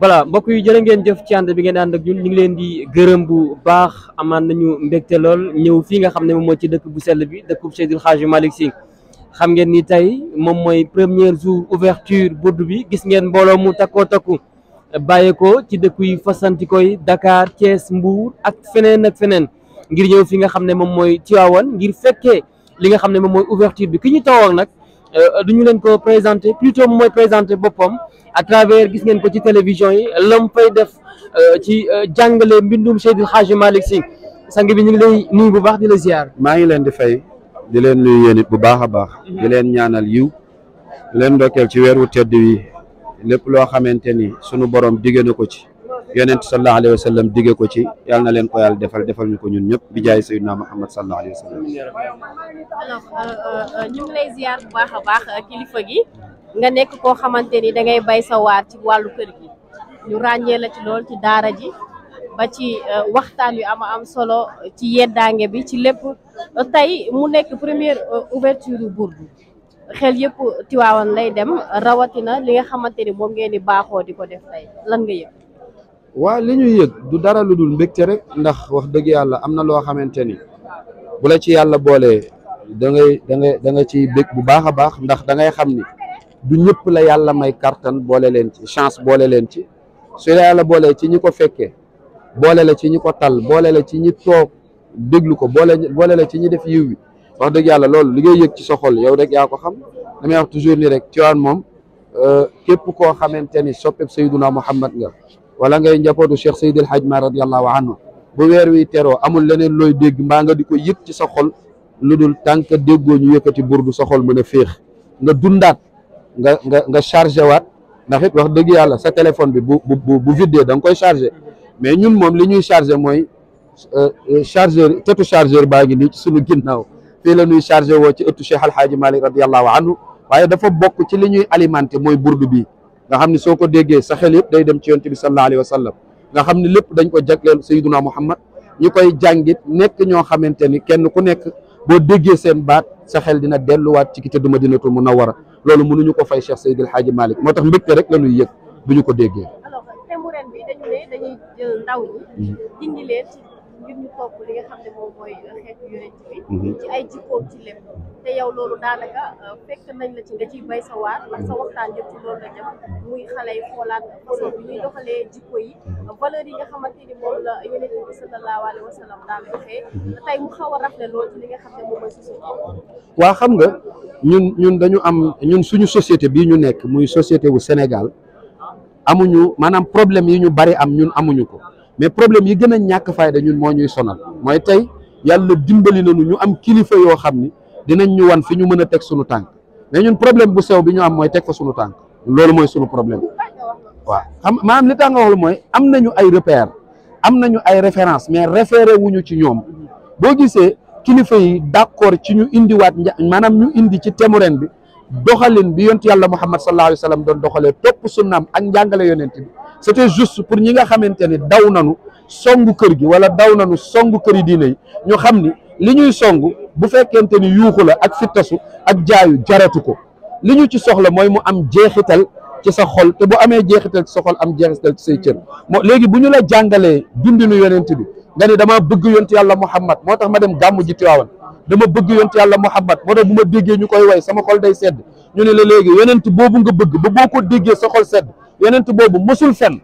voilà mbokk yi jërë ngeen jëf ci ànd bi ngeen ànd ak ñun ñu ngi leen di gërëm bu baax amaan nañu mbégte lool ñëw fii nga xam ne moom moo ci dëkk bu sell bi dëkk bu Seydil Hadji Malick Sy xam ngeen ni tey moom mooy premier jour ouverture burdu bi gis ngeen mbooloo mu takkoo takku bàyyeekoo ci dëkk yi fasantikoy Dakar Thiès Mbour ak feneen ak feneen ngir ñëw fi nga xam ne moom mooy Tivaouane ngir fekkee li nga xam ne moom mooy ouverture bi ki ñu tawal nag euh, du ñu leen ko présenté plutôt moom mooy présenté boppam. à travers gis ngeen ko ci télévision yi lam fay def euh, ci euh, jàngale mbindum Seydil Hadji Malick Sy sang bi ñu ngi lay nuyu bu baax di la ziar. maa ngi leen di fay di leen nuyu yéen bu baax a baax. di leen ñaanal yiw di leen ndokkeel ci weeru tedd wi lépp loo xamante ni sunu borom digge na ko ci yonent sallallahu alayhi wa sallam digge ko ci yàlla na leen ko yàlla defal defal ñu ko ñun ñëpp bi jaay sayyidina Muhammad sallallahu alayhi wa sallam. alors euh, ñu ngi nga nekk koo xamante ni da ngay bay sa waar ci wàllu kër gi ñu ràññee la ci lool ci daara ji ba ci euh, waxtaan yu am am solo ci yeddaange bi ci lépp tey mu nekk première euh, ouverture yu Bourd xel yëpp Tiwaawan lay dem rawatina li nga xamante ni moom ngeen di baaxoo di ko def tey lan nga yëg. waa li ñu yëg du dara lu dul mbégte rek ndax wax dëgg yàlla am na loo xamante ni bu la ci yàlla boolee da ngay da ngay da ciy bég bu baax a baax ndax da ngay xam ni. du ñëpp la yàlla may kartan boole leen ci chance boole leen ci su la yàlla boolee ci ñi ko fekkee boole la ci ñi ko tal boole la ci ñi toog déglu ko boole boole la ci ñi def yiw bi wax dëgg yàlla loolu li ngay yëg ci sa xol yow rek yaa ko xam damay wax toujours ni rek ci Tiwaawan moom euh, képp koo xamante ni soppeeb Sayyiduna Muhammad nga wala ngay njabootu Cheikh Seydil Hadj Mar radiyallahu anhu bu weer wi teroo amul leneen looy dégg mbaa nga di ko yëg ci sa xol lu dul tànk déggoo ñu yëkkati burdu sa xol mën a féex nga dundaat. nga nga nga chargé waat ndax it wax dëgg yàlla sa téléphone bi bu bu bu vidé da nga koy chargé mais ñun moom li ñuy chargé mooy euh, euh, chargeur ëttu chargeur baa ngi nii ci suñu ginnaaw fii la ñuy chargé woo ci ëttu Cheikh Alhaaji Malick radiallahu anhu waaye dafa bokk ci li ñuy alimenté mooy burdu bi nga xam ne soo ko déggee sa xel yëpp day dem ci yonent bi sallallahu alayhi wa sallam nga xam ne lépp dañ ko jagleel sayyiduna Muhammad ñi koy jàngit nekk ñoo xamante ni kenn ku nekk boo déggee seen baat sa xel dina delluwaat ci ki tëdd Madinatul Munawwara loolu mënuñu ko fay Cheikh Seydil Hadji Malick moo tax mbégte rek la ñuy yëg bu ñu ko déggee. ngir xam mhm. euh, nga muy xale yi xoolaat façon bi ñuy jikko yi valeur yi nga xamante ni moom la yonent bi sallallahu alayhi mhm. mu xaw a rafle li nga xam ne moom mooy société waa xam nga ñun ñun dañu am ñun suñu société bii ñu nekk muy société wu Sénégal amuñu maanaam problème yi ñu bari am ñun amuñu ko mais problème yi gën a ñàkk fayda ñun moo ñuy sonal mooy tey yàlla dimbali nu ñu am kilifa yoo xam ni dinañ ñu wan fi ñu mën a teg suñu tànk mais ñun problème bu sew bi ñu am mooy teg fa suñu tànk loolu mooy suñu problème waaw xam maanaam li tax mooy am nañu ay repères am nañu ay références mais référé wuñu ci ñoom boo gisee kilifa yi d'accord ci ñu indiwaat maanaam ñu indi ci temuren bi doxalin bi yonent yàlla Muhammad sallallahu alayhi wa sallam doon doxalee topp sunnaam ak njàngale yonent bi c'était juste pour ñi nga xamante ni daw nanu songu kër gi wala daw nanu songu kër yi diine yi ñu xam ni li ñuy songu bu fekkente ni yuuxu la ak fittasu ak jaayu jaratu ko li ñu ci soxla mooy mu am jeexital ci sa xol te bu amee jeexital ci sa xol am jeexital ci say cër moo léegi bu ñu la jàngalee dundinu yonent bi nga ni dama bëgg yonent yàlla Muhammad moo tax ma dem gàmmu ji Tiwaawan dama bëgg yonent yàlla Muhammad moo tax bu ma déggee ñu koy way sama xol day sedd ñu ne la léegi yonent boobu nga bëgg ba boo ko déggee sa xol yonent boobu mësul fen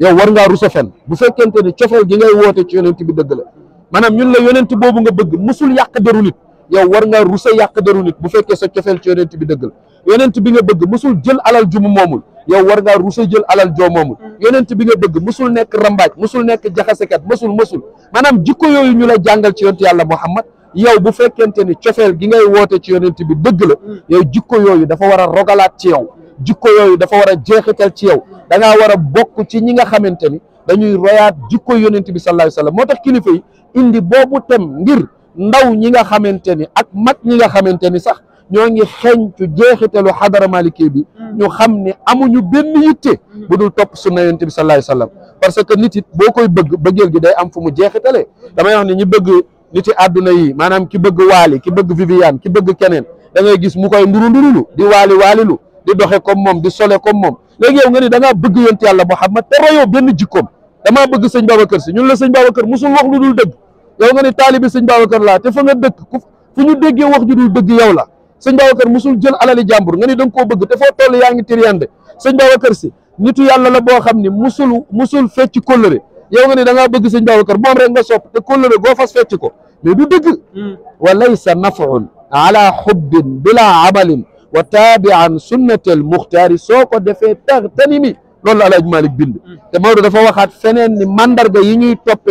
yow war ngaa rusa fen bu fekkente ne cofeel gi ngay woote ci yonent bi dëgg la maanaam ñun la yonent boobu nga bëgg mësul yàq deru yow war ngaa rusa yàq deru nit bu fekkee sa cofeel ci yonent bi dëgg la yonent bi nga bëgg mësul jël alal ju mu moomul yow war ngaa rusa jël alal joo moomul bi nga bëgg mësul nekk rambaaj mësul nekk jaxasekat mësul mësul maanaam jikko yooyu ñu la jàngal ci yonent yàlla Muhammad yow bu fekkente ni cofeel gi ngay woote ci yonent bi dëgg la yow jikko yooyu dafa war a rogalaat ci yow jikko yooyu dafa war a jeexital ci yow da ngaa war a bokk ci ñi nga xamante ni dañuy royaat jikko yonent bi sallallahu alayhi wasallam moo tax kilifa yi indi boobu tem ngir ndaw ñi nga xamante ni ak mag ñi nga xamante ni sax ñoo ngi xeeñcu jeexitalu xadara maliki bi mm. ñu xam ne amuñu benn yitte mm. bu dul topp sunna yonent bi sallallahu alayhi wasallam parce que nit it boo koy bëgg bëggeel gi day am fu mu jeexitalee damay wax ne ñi bëgg nit yi àdduna yi maanaam ki bëgg waali ki bëgg Viviane ki bëgg keneen da ngay gis mu koy nduru ndurulu di waali waalilu di doxe comme moom di sole comme moom léegi yow nga ni da ngaa bëgg yont yàlla Muhammad te royoo benn jikkoom damaa bëgg sëñ Babacar si ñun la kër Babacar musul wax lu dul dëgg yow nga ni taalibi sëñ Babacar laa te fa nga dëkk ku fu ñu déggee wax ju dul dëgg yow la sëñ Babacar musul jël alali jàmbur nga ni da koo bëgg te foo toll yaa ngi tiriyande sëñ Babacar si nitu yàlla la boo xam ni musul musul fecc kóllëre yow nga ni da ngaa bëgg sëñ kër moom rek nga sopp te kóllëre goo fas fecc ko mais du dëgg mm. wa laysa naf'un ala hubbin bila amalin wa taabian sunnatel muxtaari soo ko defee taxtani mi loolu la alaaj malik bind mm. te Maodo dafa waxaat feneen ni mandarga yi ñuy toppe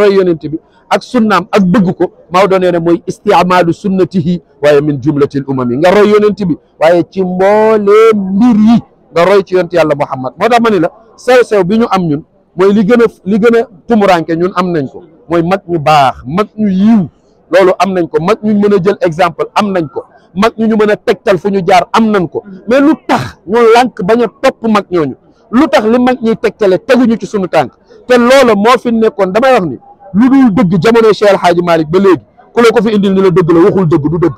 roy yonent bi ak sunnaam ak bëgg ko Maodo nee na mooy isticmaalu sunnatihi waaye min jumlatil umami nga roy yonent bi waaye ci mboolee mbir yi nga roy ci yonent yàlla Muhammad moo tax ma ni la sew-sew bi ñu am ñun mooy li gën a li gën a tumuranke ñun am nañ ko mooy mag ñu baax mag ñu yiw loolu am nañ ko mag ñu mën a jël exemple am nañ ko mag ñu ñu mën a tegtal fu ñu jaar am nañ ko mm-hmm. mais lu tax ñu lànk bañ a topp mag ñooñu lu tax li mag ñuy tegtale teguñu ci suñu tànk te loola moo fi nekkoon damay wax ni lu dul dëgg jamono Cheikh El Hadji Malick ba léegi ku la ko fi indi ni la dëgg la waxul dëgg du dëgg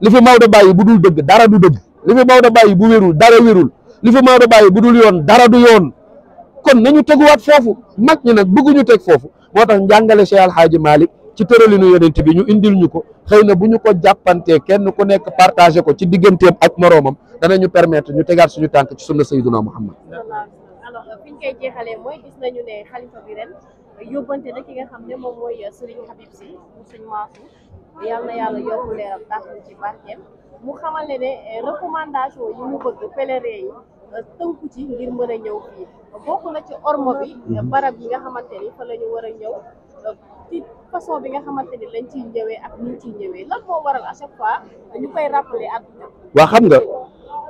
li fi Maodo bàyyi bu dul dëgg dara du dëgg li fi Maodo bàyyi bu wérul dara wérul li fi Maodo bàyyi bu dul yoon dara du yoon kon nañu teguwaat foofu mag ñi nag bëgguñu teg foofu moo tax njàngale Cheikh El ci tëralinu yonent bi ñu indil ñu ko xëy na bu ñu ko jàppantee kenn ku nekk partagé ko ci digganteem ak moroomam dana ñu permettre ñu tegaat suñu tànk ci sunna sayyiduna Muhammad alors euh, fi yal na yàlla yokku leeram tax ci barkeem mu xamal ne ne euh, recommandation yi mu bëgg pèlerin yi euh, tënku ci ngir mën ñëw fii bokk na ci ormo bi mhm. barab yi nga xamante ni fa la ñu ñëw ci waa xam nga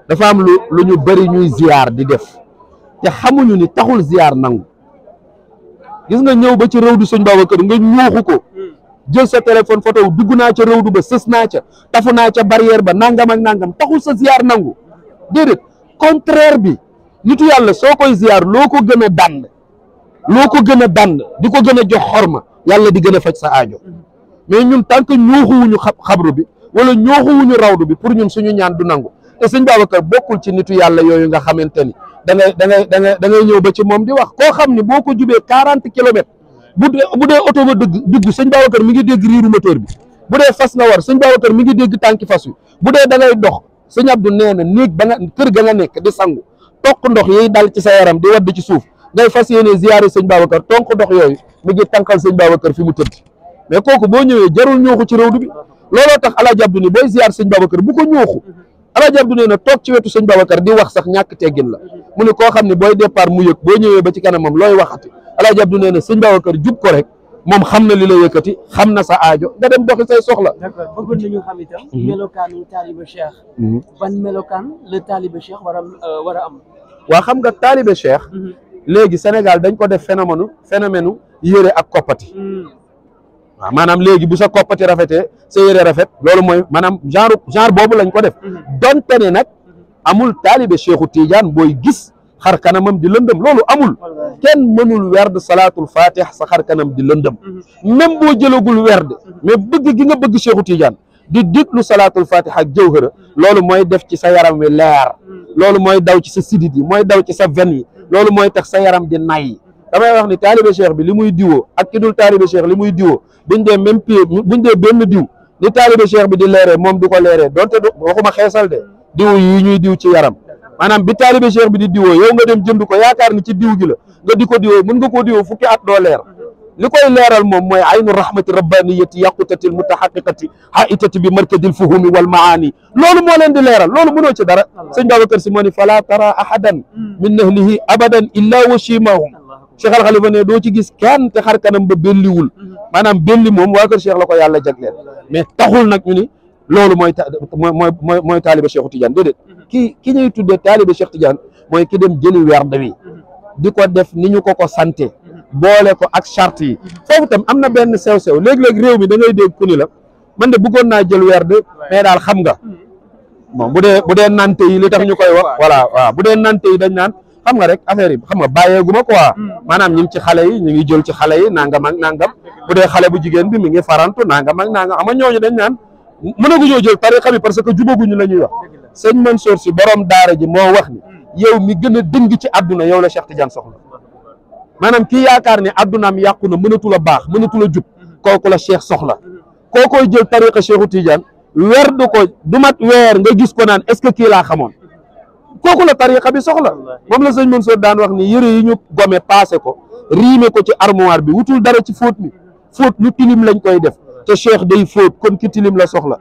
dafa am lu lu ñu bari ñuy ziar di def te xamuñu ni taxul ziar nangu gis nga ñëw ba ci réew du sëñ Babacar nga ñuuxu ko hmm. jël sa téléphone photo dugg naa ca réew du ba sës naa ca tafu naa ca barrière ba nangam ak nangam taxul sa ziar nangu déedéet contraire bi nitu yàlla soo koy ziar loo ko gën a dànd loo ko gën a dànd di ko gën a jox ma yàlla di gën a faj sa aajo mais ñun tant que ñooxuwuñu xa xabru bi wala ñooxuwuñu rawdu bi pour ñun suñu ñaan du nangu te sëñ Babacar bokkul ci nitu yàlla yooyu nga xamante ni da ngay da da ngay da ngay ñëw ba ci moom di wax koo xam ne boo ko jubee quarante kilomètres bu dee bu dee oto ba dugg dugg sëñ Babacar mi ngi dégg riiru moteur bi bu dee fas nga war sëñ Babacar mi ngi dégg tànki fas wi bu dee da dox sëñ Abdou nee na néeg ba nga kër ga nga nekk di sangu tokk ndox yiy dal ci sa yaram di wadd ci suuf day fas yéene ziyaare sëñ Babacar tonk dox yooyu mi ngi tànkal sëñ Babacar fi mu tëdd mais kooku boo ñëwee jarul ñuuxu ci réew bi looloo tax Alaaji Abdu ni booy ziyaar sëñ kër bu ko ñuuxu Alaaji Abdu nee na toog ci wetu sëñ Babacar di wax sax ñàkk teggin la mu ne koo xam ne booy départ mu yëg boo ñëwee ba ci kanamam looy waxati Alaaji Abdu nee na sëñ Babacar jub ko rek moom xam na li la yëkkati xam na sa aajo nga dem doxi say soxla. d'accord bëggoon nañu xam itam. Mhm. melokaanu taaliba cheikh. Mhm. ban melokaan la taaliba cheikh war a euh, war a am. waa xam nga taaliba cheikh. Mhm. léegi Sénégal dañ ko def phénomène phénomène yére ak koppati hmm. waaw maanaam léegi bu sa koppati rafetee sa yére rafet loolu mooy maanaam genre genre boobu lañ ko def hmm. donte ne nag amul taalibe Cheikhu Tidiane booy gis xar kanamam di lëndëm loolu amul kenn mënul werd salaatul fatih sa xar kanam di lëndëm hmm. même boo jëlagul werd mais bëgg gi nga bëgg Cheikhu Tidiane di lu salaatul fatih ak jëwhëra loolu mooy def ci sa yaram wi leer loolu mooy daw ci sa sidit yi mooy daw ci sa ven yi loolu mooy tax sa yaram di nay damay wax ni taalibe cheikh bi li muy diwoo ak ki dul taalibe cheikh li muy diwoo buñ dee même pied buñ dee benn diw ni taalibe cheikh bi di leere moom du ko leeree donte du waxuma xeesal de diw yi ñuy diw ci yaram maanaam bi taalibe cheikh bi di diwoo yow nga dem jënd ko yaakaar ni ci diw gi la nga di ko diwoo mën nga koo diwoo fukki at doo leer li koy leeral moom mooy aynu rahmati rabbaniyati yaqutati mutahaqiqati haitati bi markadil fuhumi wal maani loolu moo leen di leeral loolu mënoo ci dara sëñ Babacar Si moo fala tara ahadan mm. min ahlihi abadan illa wa shimahum Cheikh Al Khalifa ne doo ci gis kenn te xar kanam ba belliwul mm-hmm. maanaam belli moom waa kër Cheikh la ko yàlla jagleel mais taxul nag ñu ni loolu mooy ta mooy mooy mooy taaliba Cheikh Tidiane déedéet mm-hmm. ki ki ñuy tuddee taaliba Cheikh Tidiane mooy ki dem jëli werd wi mm-hmm. di ko def ni ñu ko ko sante boole ko ak charte yi foofu tam am na benn sew-sew léegi-léegi réew mi da ngay dégg ku la man de bëggoon naa jël werd mais daal xam nga bon bu dee bu dee nante yi li tam ñu koy wax voilà bu dee nante yi dañ naan xam nga rek affaire yi xam nga bàyyeegu ko quoi maanaam ñu ngi ci xale yi ñu ngi jël ci xale yi nangam ak nangam bu dee xale bu jigéen bi mi ngi farantu nangam ak nangam ama ñooñu dañ naan a mënaguñoo jël tarixa bi parce que jubaguñu la ñuy wax sëñ Mansour si borom daara ji moo wax ni yow mi gën a dëng ci àdduna yow la Cheikh Tidiane soxla maanaam kii yaakaar ni addunaam yàqu na mënatul a baax mënatul a jub kooku la cheikh soxla kookoy jël tariqa cheikhu Tidiane weer du ko du mat weer nga gis ko naan est ce que kii laa xamoon kooku la tariqa bi soxla moom la sëñ Mansour daan wax nii yëre yi ñu gome passé ko riime ko ci armoire bi wutul dara ci fóot mi fóot lu tilim lañ koy def te cheikh day fóot kon ki tilim la soxla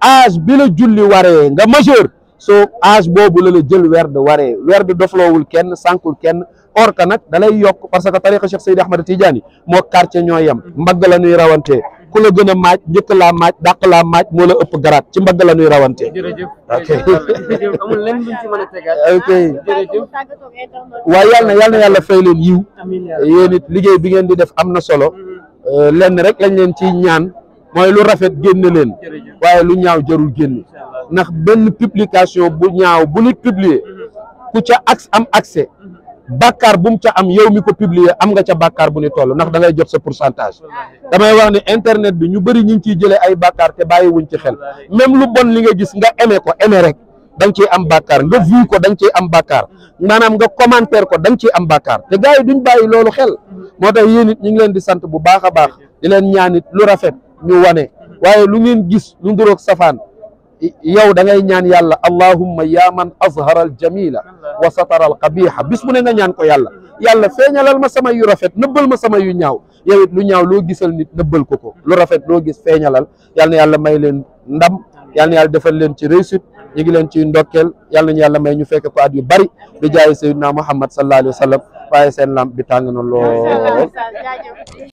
âge bi la julli waree nga majeur soo âge boobu la la jël weer de waree weer de dofloowul kenn sànkul kenn or ka nag dalay yokk parce que tariqa Cheikh Seydi Ahmad Tidiane moo quartier ñoo yam mbagg la ñuy rawantee ku la gën a maaj njëkk laa maaj dàq laa maaj moo la ëpp garaat ci mbagg la ñuy rawante ok ok waaye yàlla na yàlla na fay leen yiw yéen it liggéey bi ngeen di def am na solo mm-hmm. euh, lenn rek lañ leen ci ñaan mooy lu rafet génne leen waaye lu ñaaw jarul génne ndax benn publication bu ñaaw bu nit publier mm-hmm. ku ca am accès mm-hmm. bàkkaar bu mu ca am yow mi ko publier am nga ca bakkaar bu ni toll ndax dangay jot sa pourcentage damay wax ne internet bi ñu bëri ñu ngi ciy jëlee ay bàkkaar te bàyyi wuñ ci xel même lu bon li nga gis nga aimé ko aimé rek da nga ciy am bàkkaar nga vu ko da nga am bakkaar maanaam nga commentaire ko da nga ciy am bàkkaar te gars du ñu bàyyi loolu xel moo tax yéen ñu ngi leen di sant bu baax a baax di leen ñaan it lu rafet ñu wane waaye lu ngeen gis lu nduroog safaan yow da ngay ñaan yàlla allahumma ya man azhara al jamila wa satara al qabiha bis ne nga ñaan ko yàlla yàlla feeñalal ma sama yu rafet nëbbal ma sama yu ñaaw yow lu ñaaw loo gisal nit nëbbal ko ko lu rafet loo gis feeñalal yal na yàlla may leen ndam yal na yàlla defal leen ci réussite ñu ngi leen ciy ndokkeel yal nañu may ñu fekk ko at yu bari bi jaay sayyidina muhammad sallallahu alayhi wa sallam waaye seen lam bi tàng lool